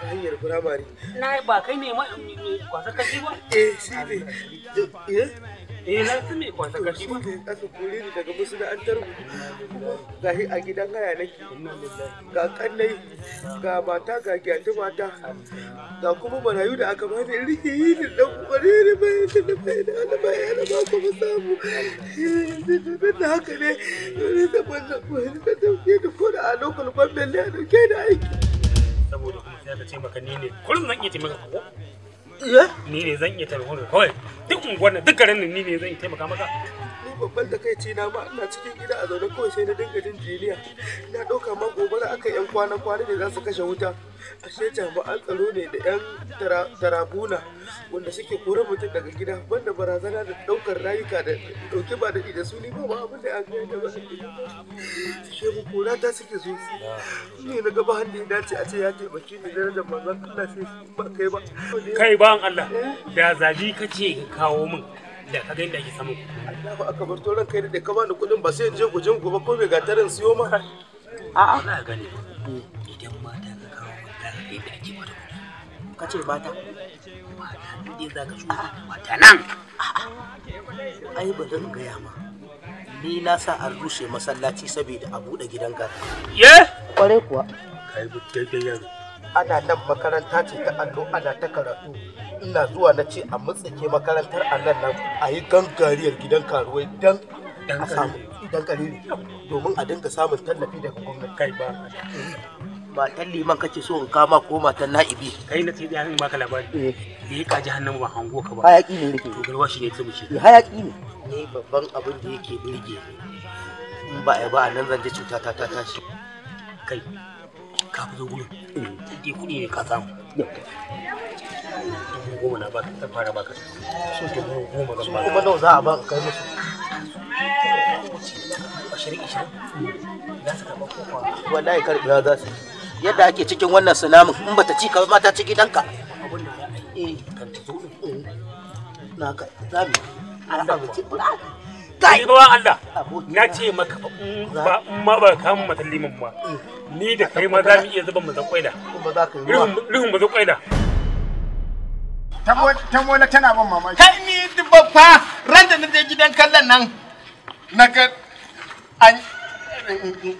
ta hanyar firamare na ba kai ne kwasa kashi ba eh shi ne eh na su mai kwasa kashi ba aka kore ni daga masana'antar mu ga a gidan haya nake ga kannai ga mata ga gyatu mata ga kuma marayu da aka bani rike yi da dan ne bai da da bai da bai ba ku samu haka ne ne a lokal gwamnati ne ke da aiki saboda kuma sai ka ce maka ni ne kullum zan iya taimaka ko eh? ni ne zan iya taimaka kawai duk unguwar duk garin ni ne zan iya taimaka maka babban takaici na ma ina cikin gida a zaune kawai sai na dinga jin jiniya na ɗauka ma gobara aka yan kwana kwana ne za su kashe wuta ashe jami'an tsaro ne da yan tarabuna wanda suke kore mutum daga gida banda barazana da ɗaukar rayuka da ɗauke ba daɗi da su ne ba abin da ya gaya da ba ke mu kora ta suke zo ne na gaba hannu ya dace a ce ya taimaki ni da rajin manzon Allah sai ba kai ba kai ba Allah eh? da zabi kace ka kawo min da ka ga yadda ake samun kuɗi Allahu akbar to ranka da ka bani kuɗin ba sai in je gujin gobe ko bai ga tarin siyo ma a'a na gane idan mata ka kawo mata yadda ake bada kuɗi ka ce mata mata dai za ka so mata nan ai ba zan gaya ma ni na sa an rushe masallaci saboda a buɗe gidan gari ye kwarai kuwa kai bi daidai yanzu ana nan makaranta ce ta allo ana ta karatu ina zuwa na ce a mutsike makarantar annan nan a yi gangariyar gidan karuwai don a samu idan kariri domin a dinga samun tallafi daga gwamnati kai ba matan liman kake so in kama ko matan na'ibi kai na tsibi hannun baka labari eh ya kaji hannun ba hango ka ba hayaki ne nake to garwa shi ne ta mushi eh, hayaki ne ne babban abin da yake birge in ba ya ba nan zan ji cuta ta ta tashi kai ka fi zo gurin eh. kuɗi ne ka samu dubu goma na ta fara goma zan kuma za a kai musu ashirin wallahi za su yadda ake cikin wannan sunamin in bata ci ka ta ci gidanka abin da za a yi eh. kan ta zo na ka zamu ci kai Allah na ce maka ba ma ba ka mu matallimin eh. ni da kai ma za mu iya mu zakwai da ruhun zakwai da ta mola tana ban mamaki kai ni dubba fa ran da je gidan kallon nan na ga an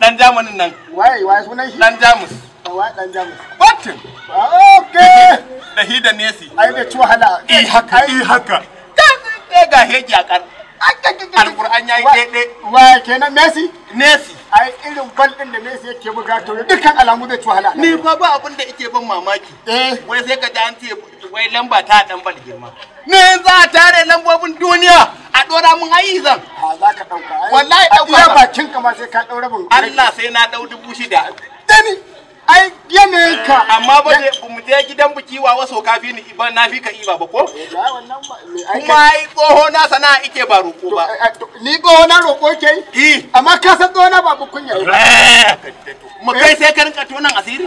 dan jamanin nan waye waye sunan shi dan jamus wa dan jamus batin ah, okay da hi da nesi ai da ci wahala eh haka eh haka da eh, ga heji a kar alquran yayi daidai wa kenan nesi. nesi. ai irin bal din da nesi yake buga to dukkan alamu zai ci wahala ni fa ba abin da yake ban mamaki eh wai sai ka ji an ce wai lamba ta dan bal girma ne za a tare lambobin duniya a dora mun ayi zan a za ka dauka wallahi dauka bakin ka ma sai ka daura Allah sai na dau dubu shida dani ai ka amma ba da mu je gidan biki wa waso kafi ni na fi ka iba ba ko eh, kuma ai tsoho na sana ike ba roko ba eh, eh, ni tsoho na roko ke amma ka san tsoho na ba bukunya mu kai sai ka rinka tonan asiri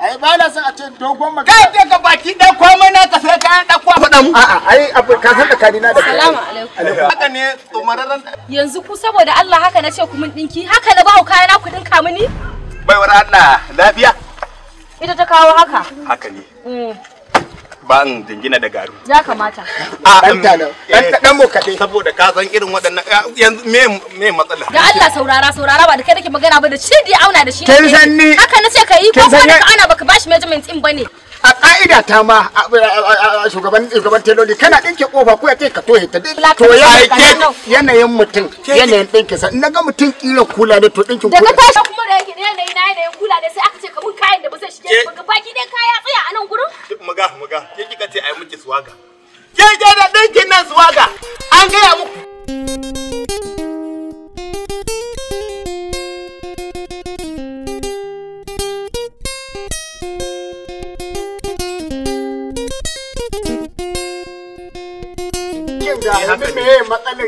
ai ba na son a ce dogon magana kai daga baki da komai na ka sai kayan dakwa faɗa mu a'a ai abu ka san tsakani na da assalamu alaikum haka ne tsumararren yanzu ku saboda Allah haka na ce ku mun dinki haka na ba ku kaya na ku dinka mini baiwar Allah lafiya ita ta kawo haka haka ne mm. ba in jingina da garu ya kamata a dan tana dan saboda ka san irin waɗannan yanzu me me matsala da Allah saurara saurara ba da kai nake magana ba da shi dai auna da shi kin san ni haka nace ka yi ko ka ana baka bashi measurement din bane a ka'ida ta ma shugaban shugaban teloli kana dinke kofa ko ya ce ka tohe ta to yanayin mutum yanayin dinke sa na ga mutum kila kula ne to dinkin kula daga tashi kuma da kaya da ya kula da sai aka ce kamun kayan da ba zai shige ba dai kaya tsaya a nan gurin muga muga ke kika ce ai miki ke ke da dinkin nan suwaga an gaya muku eh,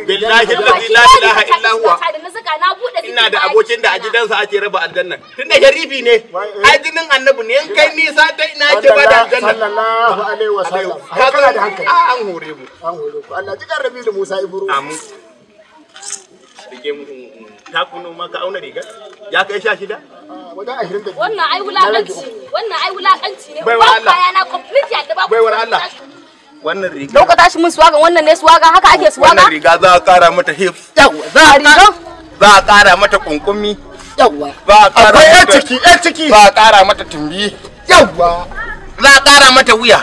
Billahi la ilaha illa huwa ina da abokin da a gidansa ake raba aljannan tun da sharifi ne ajinin eh. annabi ne in kai nisa ta ina ake ba da aljanna sallallahu alaihi wasallam ka kana da hankali ah, an hore mu an hore ku Allah jikan rabi da Musa Ibro amin rike mu mm, mm. ta kuno maka auna riga ya kai sha shida ah, wannan ai wulakanci wannan ai wulakanci ne baiwar Allah yana complete ya da ba babu baiwar Allah wannan riga lokata shi mun suwaga wannan ne suwaga haka ake suwaga wannan riga za a kara mata hip za a riga ba a ƙara mata kunkumi yawa ba a ƙara mata ciki yan ciki ba a ƙara mata tumbi yawa za a ƙara mata wuya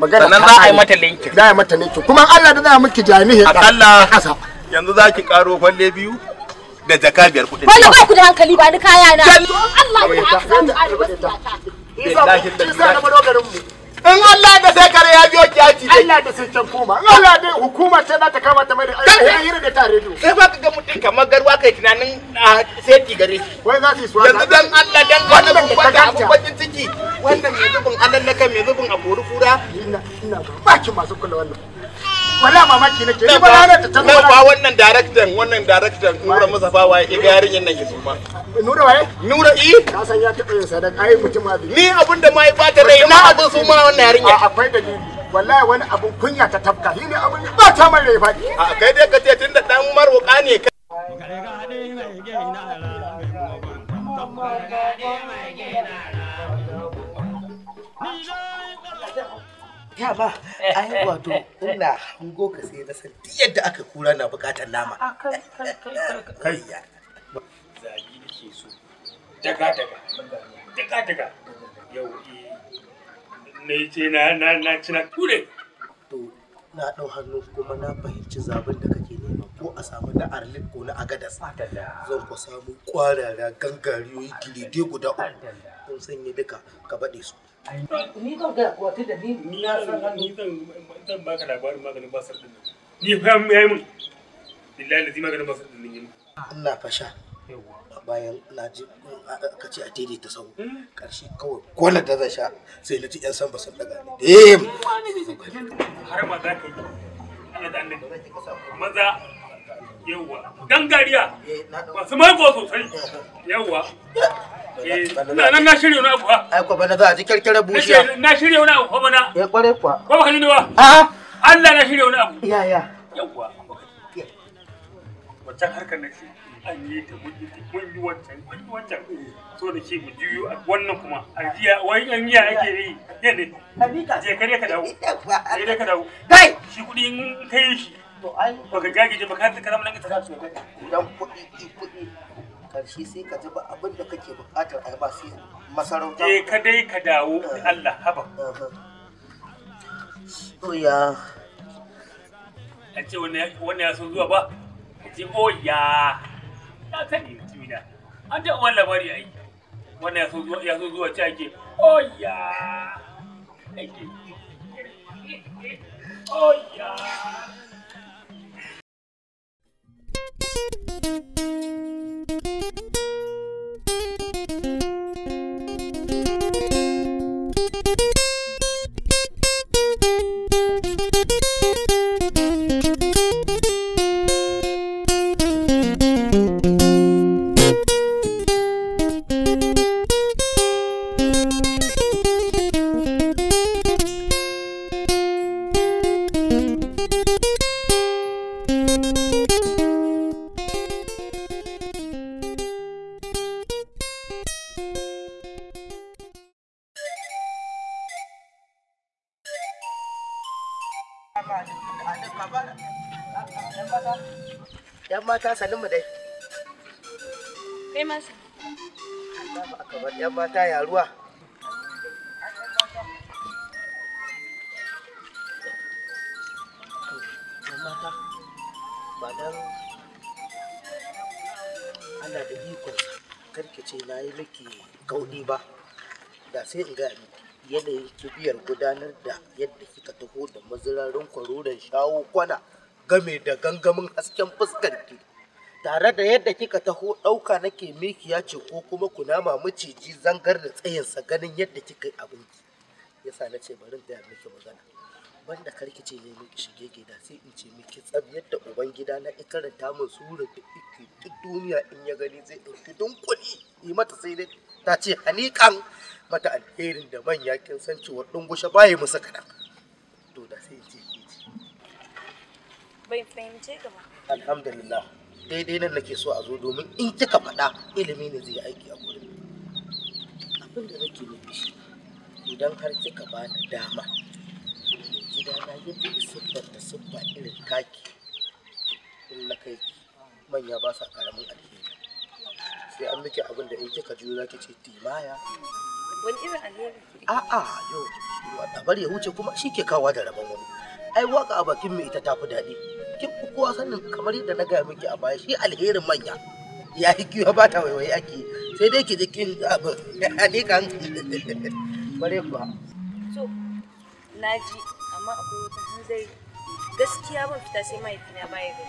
magana sannan za a yi mata linki za a yi mata linki kuma Allah da za a miki jami'i kasa yanzu za ki ƙaro falle biyu da jaka biyar kuɗin wanda ba ku da hankali ba ni kaya na Allah ya hasa da a rubutata Billahi da In Allah da sai kare ya biyo ki ya Allah da sun can kuma Allah dai hukuma ce za ta kama ta mai da ayyukan da ta rediyo sai ba ka ga mutum kamar garwa kai tunanin ah, seti gare shi wai za su yi yanzu dan Allah dan wannan da ka ciki wannan mai zubin alallaka mai zubin a kori kura ina ina ba ki masu kula wannan wala mamaki ke ni bala ranar ta tana ba wannan director wannan director Nura Mustafa waye iga yarinyan nan ya zuba Nura waye Nura i ka san ya taɓa yin sadaka ai mutum abi ni abin da mai bata rai na abin su mana wannan yarinya akwai wallahi wani abin kunya ta tafka shi ne abin ba ta mai rai faɗi a kai dai ka ce tunda dan marwuka ne ka Magana ga haɗe mai gina ra, mai kuma mai gina Ya ba, ai wato ina hango ka sai na san yadda aka kura na bukatar nama. Kai kai Zagi nake so. Daga daga. Daga daga. Yau eh. Na ce na na na ci na kure. na ɗau hannu kuma na fahimci zaben da kake nema ko a samu na arlik ko na agadas zan ku samu kwarara gangariyoyi gilide guda uku kun sanya duka ka baɗe su ni zan ga wata da ni ni na san hannu zan baka labarin maganin basar din ni fa yayi mun billahi lazi maganin basar din ni Allah fasha yawa bayan na ji aka ce a ta sau karshe kawai kola da zai sha sai na ji yan san basan daga ni har ma za ka yi maza yawwa sosai yawwa eh, Ina nan na shirya za a ji kirkira bushiya. Na shirya wani abu bana. Ya eh, ah! Allah na shirya wani abu. Ya ya. Yawwa. Wacce harkar na an yi ta mun yi wancan mun wancan so da ke mu juyo wannan kuma a jiya wai an yi ake yi ne ne je kare ka dawo kare ka dawo kai shi kuɗi in kai shi to ai baka gagije baka ta karama nan ka ta su dan kuɗi kuɗi karshe sai ka zuba abin da kake a ba sai je eh, ka dai ka dawo eh. Allah haba to eh. ya a ce wani ya so zuwa ba ce oya na an taɓa wani labari a yi wannan ya so zuwa ci ake Yan mata salimu mu dai. Kai masa. yan mata ya ruwa. Yan mata ba dan Allah da ikon karkace na yi miki kauni ba da sai in ga miki. yadda ki biyar gudanar da yadda kika taho da mazirarin kwaroron shawo kwana game da gangamin hasken ki tare da yadda kika taho ɗauka nake ya ce ko kuma kunama maciji zangar da tsayinsa ganin yadda kika abin yasa na ce bari da miki magana banda ce ne miki shige gida sai in ce miki tsab yadda uban gida na ikaranta min sura da duk duniya in ya gani zai ɗauki dunkuli yi mata sai dai ta ce hanikan mata alherin da manya kin san cewa dungushe baye musu kaɗan to da sai ce ce bai fahimce ka ba alhamdulillah daidai nan nake so a zo domin in kika faɗa ilimi ne zai aiki a gurin abin da nake nufi shi idan har kika ba ni dama na yadda siffar da siffa irin taki in na kai manya ba sa karamin alheri sai an miki abin da in kika juyo ki ce timaya wani irin a a'a yo labar ya huce kuma shi ke kawo da rabon wani ai waka a bakin mai ita tafi daɗi kin kowa sanin kamar yadda na gaya miki a baya shi alherin manya ya yi kiwa ba ta waiwai ake sai dai ki jikin kin a ne kan bare kuwa so na ji amma akwai wata hanzari gaskiya ban fita sai mahaifina ya gani.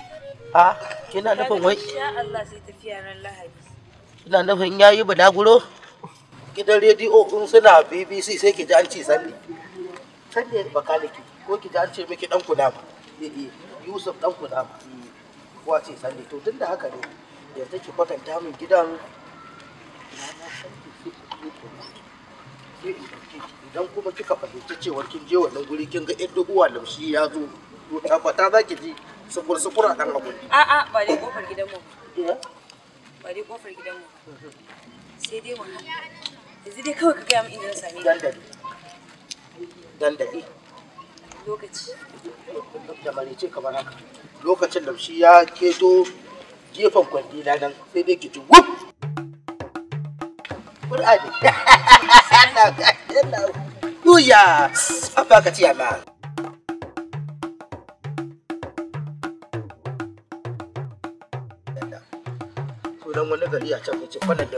a ah, kina nufin wai insha Allah sai tafiya ran lahadi ina nufin ya yi bulaguro gidan rediyo in suna bbc sai ki ji an ce sanni sanni bakaliki ko ki ji an ce miki dan kudama eh, eh, yusuf dan kudama eh, kowa ce sanni to tun da haka ne yanzu ki kwatanta min gidan idan kuma kika fahimci cewar kin je wannan guri kin ga yadda uwa laushi ya zo to tabbata za ki ji sukur sukura dan abu a'a ba ne kofar gidan mu ba dai kofar sai dai yanzu dai kawai ka gaya min inda na same dandali dandali lokaci da marice kamar haka lokacin laushi ya keto gefen kwandi na nan sai dai ki ji wuf Kur'ani. Yana, yana, yuya, abba ka wani gari a can ce kwanan da